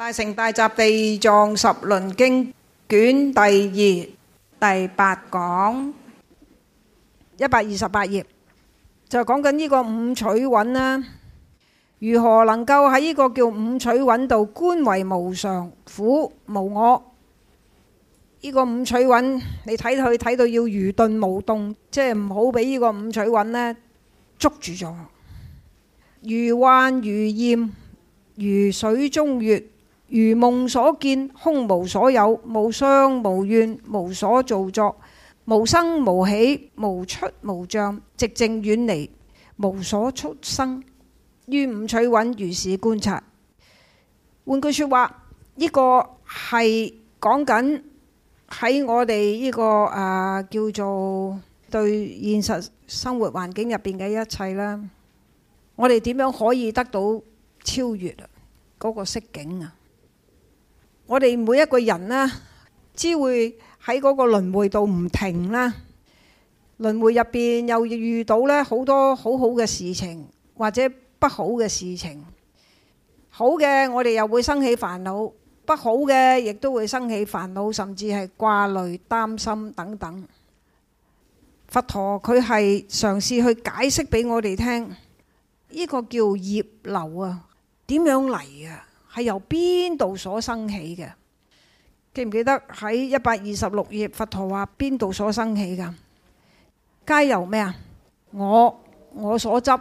大乘大集地藏十輪經卷第二，第八講，一百二十八頁就講緊呢個五取蘊呢，如何能夠喺呢個叫五取蘊度，觀為無常，苦無我？呢、這個五取蘊，你睇去睇到要愚鈍無動，即係唔好俾呢個五取蘊咧捉住咗，如幻如燄，如水中月。如夢所見，空無所有，無相無願，無所造作，無生無起，無出無像，寂靜遠離，無所出生，於五取蘊如是觀察。換句說話，呢、這個係講緊喺我哋呢、這個啊、呃、叫做對現實生活環境入邊嘅一切啦。我哋點樣可以得到超越嗰個色境啊！我哋每一個人呢，只會喺嗰個輪回度唔停啦。輪回入邊又遇到呢好多好好嘅事情，或者不好嘅事情。好嘅，我哋又會生起煩惱，不好嘅，亦都會生起煩惱，甚至係掛慮、擔心等等。佛陀佢係嘗試去解釋俾我哋聽，呢個叫業流啊，點樣嚟啊？係由邊度所生起嘅？記唔記得喺一百二十六頁，佛陀話邊度所生起噶？皆由咩啊？我我所執。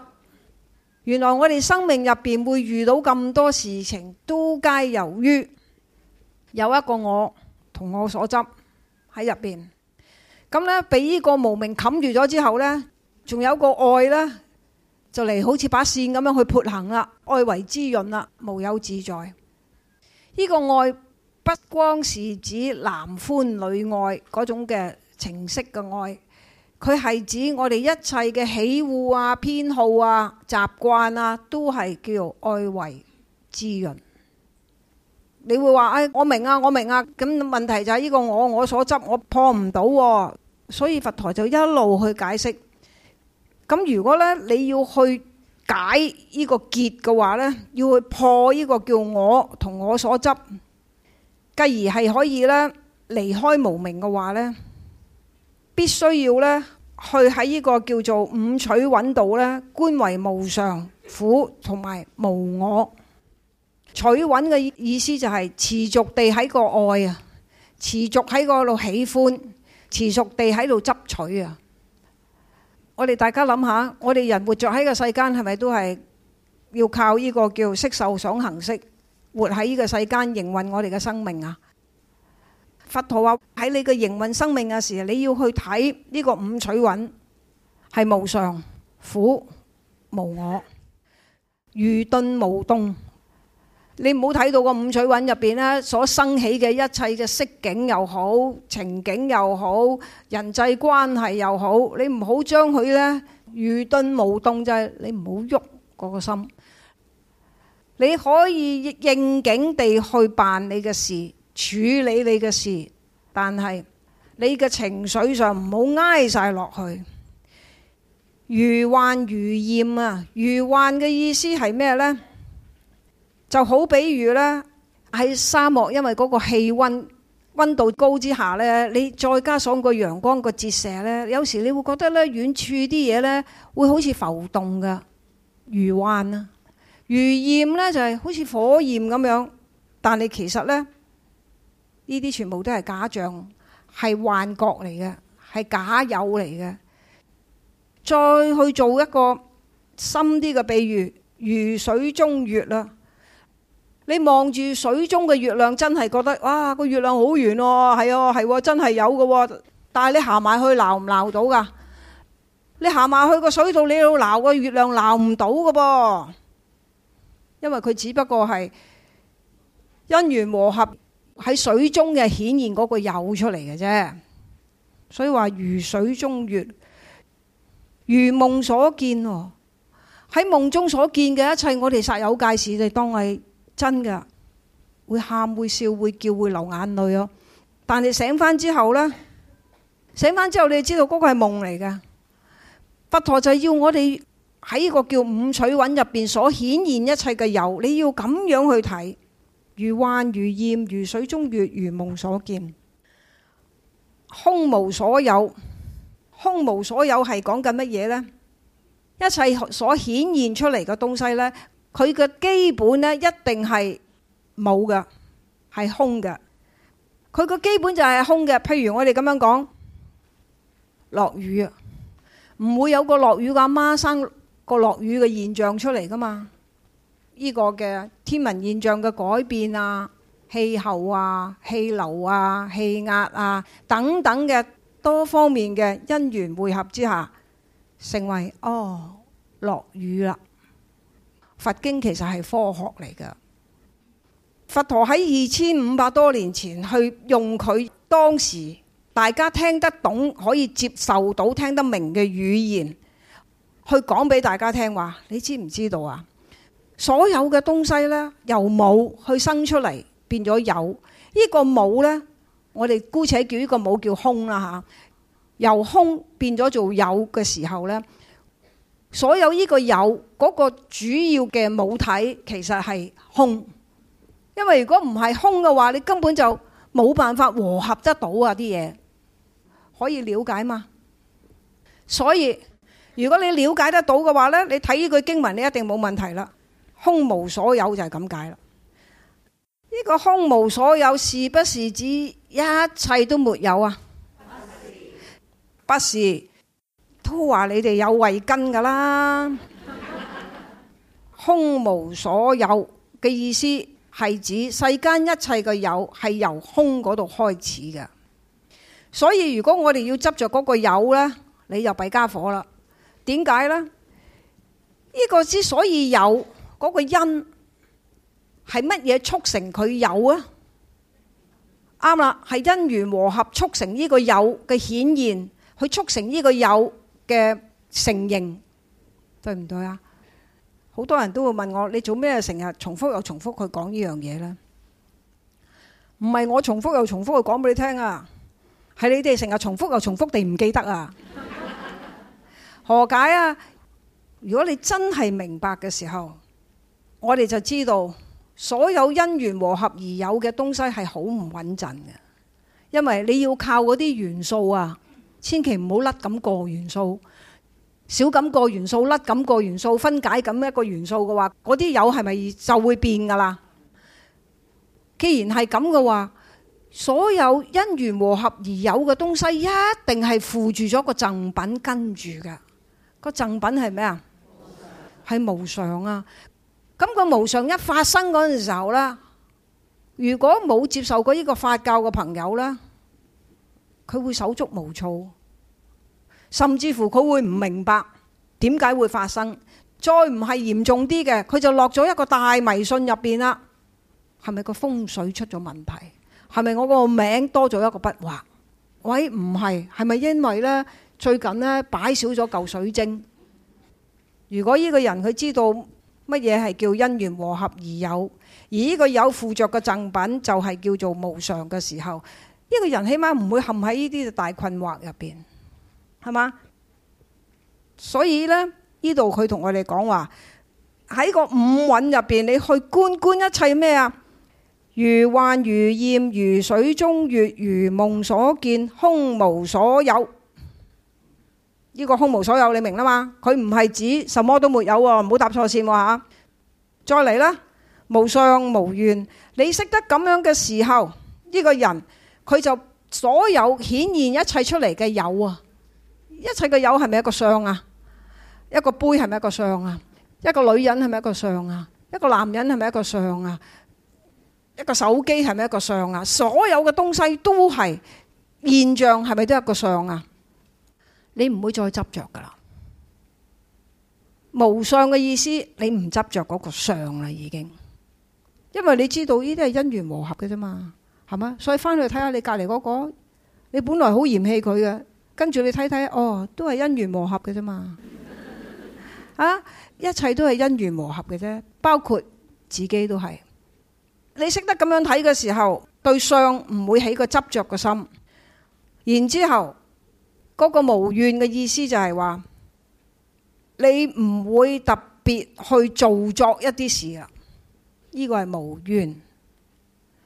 原來我哋生命入邊會遇到咁多事情，都皆由於有一個我同我所執喺入邊。咁呢，俾呢個無明冚住咗之後呢，仲有個愛呢。就嚟好似把線咁樣去潑行啦，愛為滋潤啦，無有自在。呢、這個愛不光是指男歡女愛嗰種嘅情色嘅愛，佢係指我哋一切嘅喜惡啊、偏好啊、習慣啊，都係叫愛為滋潤。你會話誒、哎，我明啊，我明啊，咁問題就係呢個我我所執，我破唔到，所以佛陀就一路去解釋。咁如果咧你要去解呢個結嘅話呢要去破呢個叫我同我所執，繼而係可以咧離開無明嘅話呢必須要呢去喺呢個叫做五取蘊度呢觀為無常、苦同埋無我。取蘊嘅意思就係、是、持續地喺個愛啊，持續喺個度喜歡，持續地喺度執取啊。我哋大家諗下，我哋人活着喺個世間，係咪都係要靠呢個叫色受想行識活喺呢個世間營運我哋嘅生命啊？佛陀話喺你嘅營運生命嘅時候，你要去睇呢個五取蘊係無常、苦、無我、愚鈍、無動。你唔好睇到個五取蘊入邊呢，所生起嘅一切嘅色景又好，情景又好，人際關係又好，你唔好將佢呢。愚鈍無動，就係你唔好喐個心。你可以應景地去辦你嘅事，處理你嘅事，但係你嘅情緒上唔好挨晒落去。如幻如燄啊！如幻嘅意思係咩呢？就好比，比如呢，喺沙漠，因為嗰個氣溫溫度高之下呢，你再加上個陽光個折射呢，有時你會覺得呢，遠處啲嘢，呢會好似浮動嘅如幻啊，如焰呢，就係好似火焰咁樣，但係其實呢，呢啲全部都係假象，係幻覺嚟嘅，係假有嚟嘅。再去做一個深啲嘅比喻，如水中月啦。你望住水中嘅月亮，真係覺得哇，個月亮好圓哦，係哦係真係有噶，但係你行埋去撈唔撈到噶？你行埋去個水度，你要撈個月亮撈唔到噶噃，因為佢只不過係因緣和合喺水中嘅顯現嗰個有出嚟嘅啫，所以話如水中月，如夢所見喎。喺夢中所見嘅一切，我哋煞有介事就當係。真噶，會喊會笑會叫會流眼淚哦。但係醒翻之後咧，醒翻之後你就知道嗰個係夢嚟噶。佛陀就係要我哋喺個叫五取蘊入邊所顯現一切嘅有，你要咁樣去睇，如幻如焰、如水中月、如夢所見，空無所有，空無所有係講緊乜嘢咧？一切所顯現出嚟嘅東西咧。佢嘅基本呢一定係冇嘅，係空嘅。佢嘅基本就係空嘅。譬如我哋咁樣講，落雨唔會有個落雨嘅媽,媽生個落雨嘅現象出嚟噶嘛？呢、這個嘅天文現象嘅改變啊，氣候啊，氣流啊，氣壓啊等等嘅多方面嘅因緣配合之下，成為哦落雨啦。佛經其實係科學嚟噶，佛陀喺二千五百多年前去用佢當時大家聽得懂、可以接受到、聽得明嘅語言去講俾大家聽話。你知唔知道啊？所有嘅東西呢，由冇去生出嚟變咗有，呢個冇呢，我哋姑且叫呢個冇叫空啦吓。由空變咗做有嘅時候呢。所有呢個有嗰、那個主要嘅母體其實係空，因為如果唔係空嘅話，你根本就冇辦法和合得到啊啲嘢，可以了解嘛？所以如果你了解得到嘅話呢，你睇呢句經文，你一定冇問題啦。空無所有就係咁解啦。呢、這個空無所有是不是指一切都沒有啊？不是。不是。都話你哋有慧根噶啦， 空無所有嘅意思，係指世間一切嘅有係由空嗰度開始嘅。所以如果我哋要執着嗰個有呢，你就弊家伙啦。點解呢？呢個之所以有嗰個因，係乜嘢促成佢有啊？啱啦，係因緣和合促成呢個有嘅顯現，去促成呢個有。嘅承認對唔對啊？好多人都會問我，你做咩成日重複又重複去講呢樣嘢呢？唔係我重複又重複去講俾你聽啊，係你哋成日重複又重複地唔記得啊！ 何解啊？如果你真係明白嘅時候，我哋就知道所有因緣和合而有嘅東西係好唔穩陣嘅，因為你要靠嗰啲元素啊。千祈唔好甩咁個元素，少咁個元素，甩咁個元素分解咁一個元素嘅話，嗰啲有係咪就會變噶啦？既然係咁嘅話，所有因緣和合而有嘅東西，一定係附住咗個贈品跟住㗎。個贈品係咩啊？係無常啊！咁個無常一發生嗰陣時候呢，如果冇接受過呢個法教嘅朋友呢，佢會手足無措，甚至乎佢會唔明白點解會發生。再唔係嚴重啲嘅，佢就落咗一個大迷信入邊啦。係咪個風水出咗問題？係咪我個名多咗一個筆畫？喂，唔係，係咪因為呢？最近呢，擺少咗嚿水晶？如果呢個人佢知道乜嘢係叫因緣和合而有，而呢個有附着嘅贈品就係叫做無常嘅時候。一個人起碼唔會陷喺呢啲大困惑入邊，係嘛？所以咧，呢度佢同我哋講話喺個五蘊入邊，你去觀觀一切咩啊？如幻如焰，如水中月，如夢所見，空無所有。呢個空無所有你明啦嘛？佢唔係指什麼都沒有喎，唔好搭錯線吓。再嚟啦，無相無願。你識得咁樣嘅時候，呢個人。佢就所有顯現一切出嚟嘅有啊，一切嘅有係咪一個相啊？一個杯係咪一個相啊？一個女人係咪一個相啊？一個男人係咪一個相啊？一個手機係咪一個相啊？所有嘅東西都係現象，係咪都係一個相啊？你唔會再執着噶啦，無相嘅意思，你唔執着嗰個相啦，已經，因為你知道呢啲係因緣和合嘅啫嘛。係嘛？所以翻去睇下你隔籬嗰個，你本來好嫌棄佢嘅，跟住你睇睇，哦，都係因緣磨合嘅啫嘛。 啊，一切都係因緣磨合嘅啫，包括自己都係。你識得咁樣睇嘅時候，對相唔會起個執着嘅心。然之後嗰個無願嘅意思就係話，你唔會特別去造作一啲事啊。呢個係無願。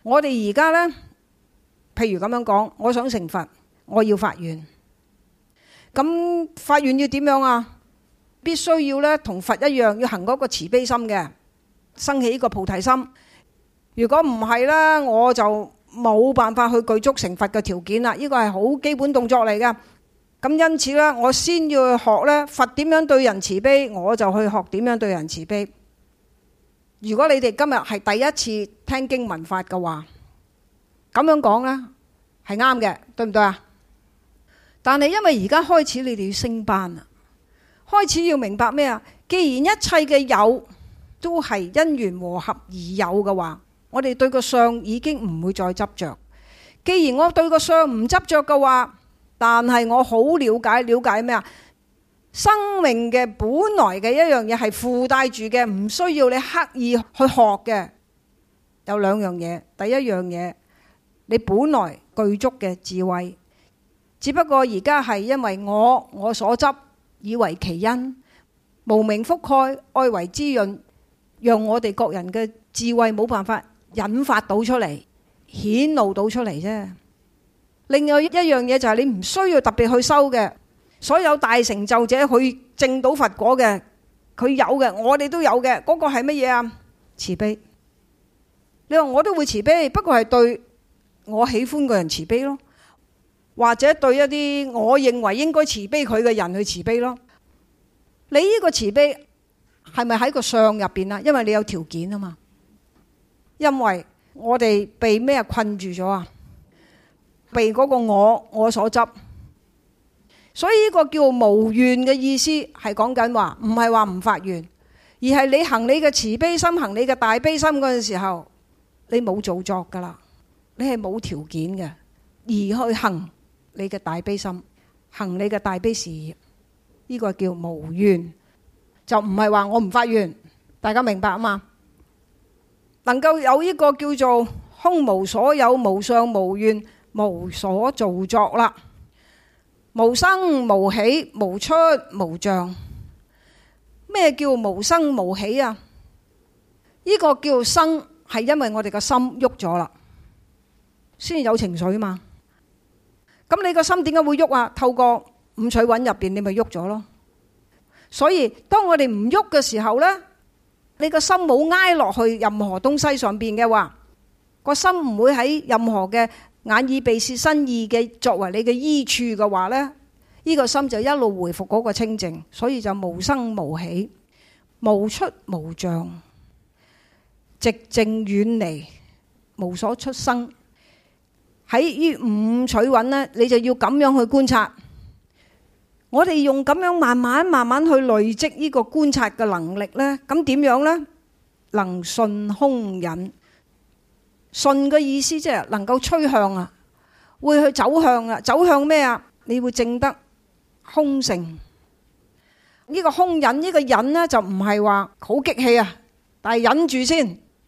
我哋而家呢，譬如咁樣講，我想成佛，我要發願。咁發願要點樣啊？必須要呢，同佛一樣，要行嗰個慈悲心嘅，生起呢個菩提心。如果唔係啦，我就冇辦法去具足成佛嘅條件啦。呢個係好基本動作嚟嘅。咁因此呢，我先要去學呢，佛點樣對人慈悲，我就去學點樣對人慈悲。如果你哋今日係第一次聽經聞法嘅話，咁樣講呢係啱嘅，對唔對啊？但係因為而家開始你哋要升班啦，開始要明白咩啊？既然一切嘅有都係因緣和合而有嘅話，我哋對個相已經唔會再執着。既然我對個相唔執着嘅話，但係我好了解了解咩啊？生命嘅本來嘅一樣嘢係附帶住嘅，唔需要你刻意去學嘅。有兩樣嘢，第一樣嘢，你本來具足嘅智慧，只不過而家係因為我我所執以為其因，無明覆蓋，愛為滋潤，讓我哋各人嘅智慧冇辦法引發到出嚟，顯露到出嚟啫。另外一樣嘢就係你唔需要特別去修嘅。所有大成就者佢證到佛果嘅，佢有嘅，我哋都有嘅。嗰個係乜嘢啊？慈悲。你話我都會慈悲，不過係對我喜歡個人慈悲咯，或者對一啲我認為應該慈悲佢嘅人去慈悲咯。你呢個慈悲係咪喺個相入邊啊？因為你有條件啊嘛。因為我哋被咩困住咗啊？被嗰個我我所執。所以呢個叫無願嘅意思係講緊話，唔係話唔發願，而係你行你嘅慈悲心，行你嘅大悲心嗰陣時候，你冇造作噶啦，你係冇條件嘅而去行你嘅大悲心，行你嘅大悲事業，呢、這個叫無願，就唔係話我唔發願，大家明白啊嘛？能夠有一個叫做空無所有、無相無願、無所造作啦。無生無起，無出無像。咩叫無生無起啊？呢、這個叫生，係因為我哋個心喐咗啦，先有情緒嘛。咁你個心點解會喐啊？透過五取蘊入邊，你咪喐咗咯。所以當我哋唔喐嘅時候呢，你個心冇挨落去任何東西上邊嘅話，個心唔會喺任何嘅。眼耳鼻舌身意嘅作為你嘅依處嘅話咧，呢、這個心就一路回復嗰個清淨，所以就無生無起、無出無像、寂靜遠離、無所出生。喺呢五,五取蘊呢，你就要咁樣去觀察。我哋用咁樣慢慢慢慢去累積呢個觀察嘅能力呢，咁點樣呢？能順空忍。順嘅意思即係能夠趨向啊，會去走向啊，走向咩啊？你會證得空性呢，、呢個空忍呢、呢個忍呢就唔係話好激氣啊，但係忍住先，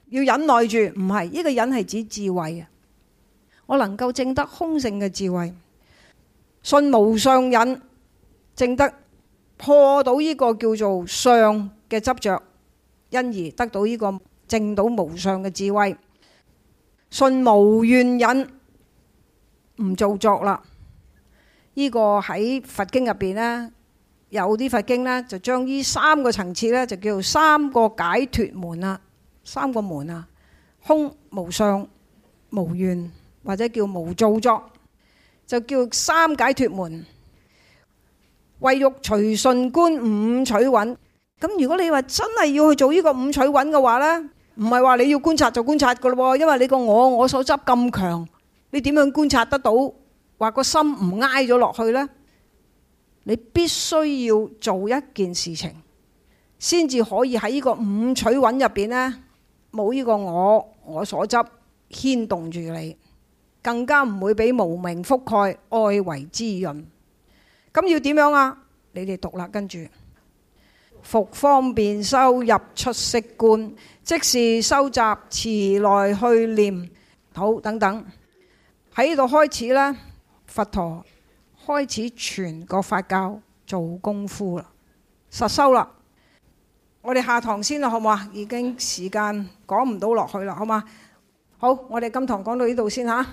要忍耐住，唔係，呢個忍係指智慧啊。我能夠證得空性嘅智慧，順無相忍，證得破到呢個叫做「相」嘅執着，因而得到呢個證到無上嘅智慧。信無願忍，唔做作啦。呢個喺佛經入邊咧，有啲佛經咧就將依三個層次咧就叫做三個解脫門啊，三個門啊，空無相無願、或者叫無做作，就叫三解脫門。為欲隨順觀五取蘊，咁如果你話真係要去做呢個五取蘊嘅話咧？唔係話你要觀察就觀察噶咯，因為你個我我所執咁強，你點樣觀察得到？話個心唔挨咗落去呢？你必須要做一件事情，先至可以喺呢個五取蘊入邊呢，冇呢個我我所執牽動住你，更加唔會俾無明覆蓋愛為滋潤。咁要點樣啊？你哋讀啦，跟住。復方便修入出息觀，即是修習持來去念好等等。喺呢度開始呢，佛陀開始全個佛教做功夫啦，實修啦。我哋下堂先啦，好唔好啊？已經時間講唔到落去啦，好嗎？好，我哋今堂講到呢度先吓。